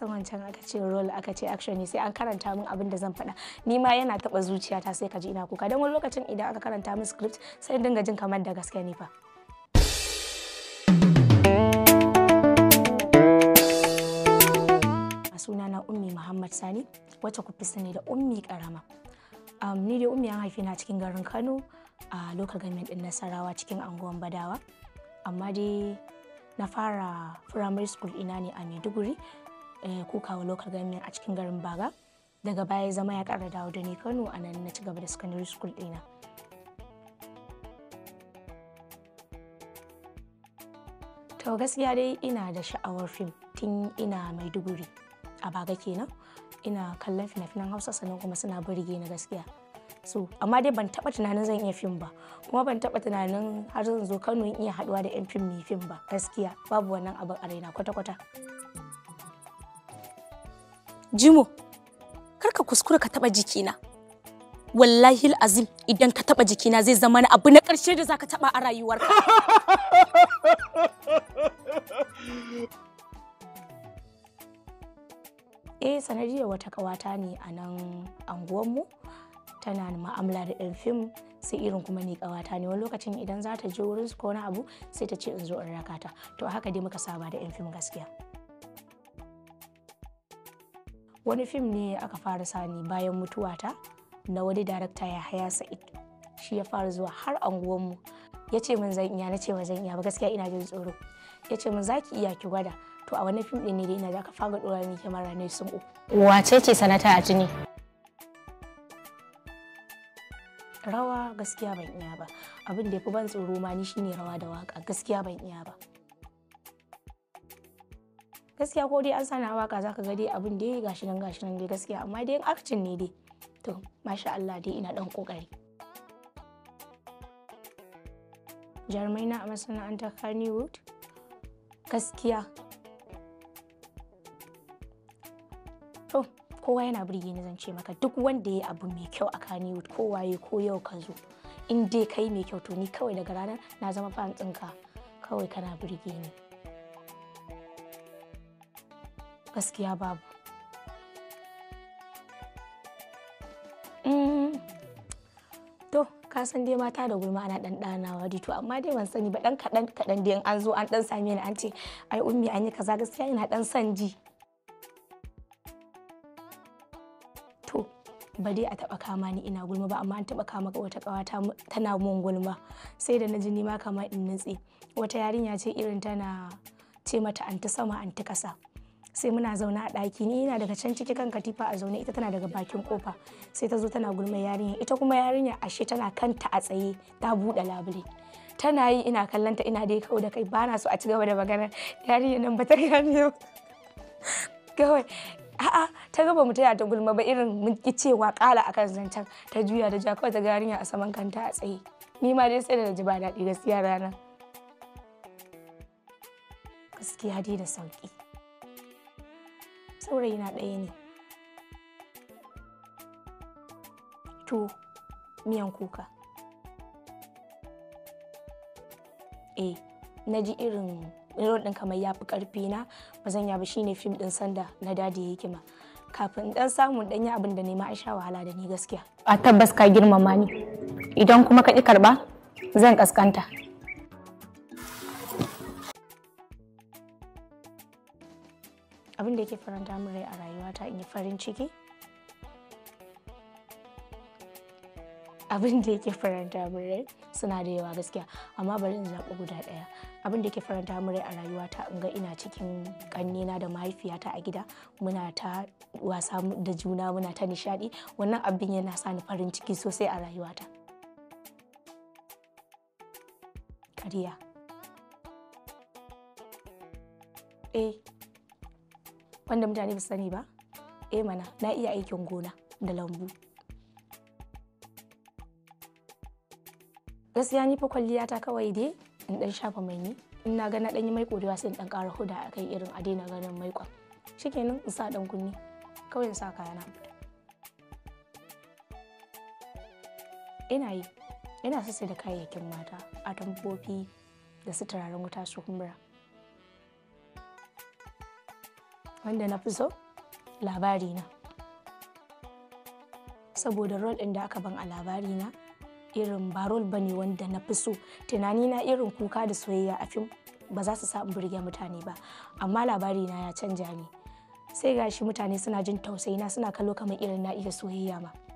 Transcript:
wancan aka ce role aka ce action ne sai an karanta min abin da zan faɗa ni ma yana taɓa zuciyata sai ka ji ina kuka don wani lokacin idan aka karanta min script sai dinga jin kamar da gaske ne fa suna na ummi muhammad sani wacce ku fi sani da ummi karama ni dai ummi an haife na cikin garin kano a local government din nasarawa cikin anguwan badawa amma dai na fara primary school ina ne a maiduguri Eh, kukawa local government a cikin garin baga daga baya zama ya kara dawo da ni kano a nan na ci gaba da secondary school ɗina to gaskiya dai ina da sha'awar fim tun ina mai maiduguri a baga kenan ina kallon fina-finan hausa sannan kuma suna burge na gaskiya so amma dai ban taba tunanin zan iya fim ba kuma ban taba tunanin har zan zo kano in iya haduwa da yan fim mai fim ba gaskiya babu wannan abin a raina kwata-kwata Jimo, karka kuskura ka taba jikina. Wallahi azim idan ka taba jikina zai zama na abu na karshe da za ka taɓa a rayuwarka. eh sanadiyar wata kawata ne a nan anguwanmu tana ma'amala da ɗan fim sai irin kuma ni kawata ne wani lokacin idan za ta je wurin ko wani abu sai ta ce in zo in raka ta to haka dai muka saba da ɗan fim gaskiya. wani fim ne aka fara sani bayan mutuwata na wani darakta ya haya sa'id shi ya fara zuwa har anguwanmu ya ce min zan iya na ce ma zan iya ba gaskiya ina jin tsoro ya ce min za ki iya ki gwada to a wani fim ɗin ne da ina da ka fara dora ni kyamara ne sun uku wace ce sanata a jini rawa gaskiya ban iya ba abin da ya fi ban tsoro ma ni shine rawa da waka gaskiya ban iya ba gaskiya ko dai an sani waka zaka ga dai abin dai gashi nan gashi nan dai gaskiya amma dai aktin ne dai to masha Allah dai ina dan kokari jarumai na a masana'antar Hollywood gaskiya to kowa yana birge ni zan ce maka duk wanda ya abu mai kyau a Hollywood ko waye ko yau ka zo in dai kai mai kyau to ni kawai daga ranar na zama fan tsinka kawai kana birge ni gaskiya babu mm. to ka dai mata da gulma ana dan danawa to amma dai ban sani ba dan kadan kadan dai an zo an dan same ni an ce ai ummi an yi kaza gaskiya ina dan san ji to ba dai a taba kama ni ina gulma ba amma an taba kama wata kawata tana mun gulma sai da na ji ni ma kama in nutse wata yarinya ce irin tana ce mata an sama an kasa sai muna zaune a ɗaki ni ina daga can ciki kan katifa a zaune ita tana daga bakin kofa sai ta zo tana gulma yarinya ita kuma yarinya ashe tana kanta a tsaye ta buɗe labule tana yi ina kallanta ina dai kawo da kai ba na so a ci gaba da magana yarinya nan ba ta gane kawai a'a ta gaba mu taya ta gulma ba irin mun ki cewa kala akan zancen ta juya da ja kawai ta yarinya a saman kanta a tsaye ni ma dai sai da ji ba daɗi gaskiya rana gaskiya dai da sauki saurayi na ɗaya ne to miyan kuka eh na ji irin rol ɗin kamar ya fi ƙarfi na ba zan yabi shine fim ɗin sanda na dadi hikima kafin ɗan samun ɗanyi abin da nema sha wahala da ni gaskiya a tabbas ka girmama ni idan kuma ka ƙi karɓa zan ƙasƙanta abin da yake faranta min rai a ta in yi farin ciki abin da yake faranta min rai suna da yawa gaskiya amma bari in zaɓi guda ɗaya abin da yake faranta min rai a rayuwata in ga ina cikin ƙannena da mahaifiyata a gida muna ta wasa da juna muna ta nishaɗi wannan abin yana sa ni farin ciki sosai a rayuwata kariya eh wanda mutane ba sani ba E mana na iya aikin gona da lambu gaskiya ni fa kwalliya ta kawai dai in dan shafa mai ni in na ga na dan yi mai kodewa sai in dan ƙara huda a kai irin a daina ganin mai kwa shikenan in sa dan kunni kawai in sa kaya na ina yi ina sassa da kayayyakin mata a tambofi da su turaren wuta su kumbura wanda na fi so labarina saboda rol ɗin da aka ban a labari na irin ba rol ba ne wanda na fi so na irin kuka da soyayya a fim ba za su sa birge burge mutane ba amma labari na ya canja ne sai gashi mutane suna jin tausayi na suna kallo kamar irin na iya soyayya ma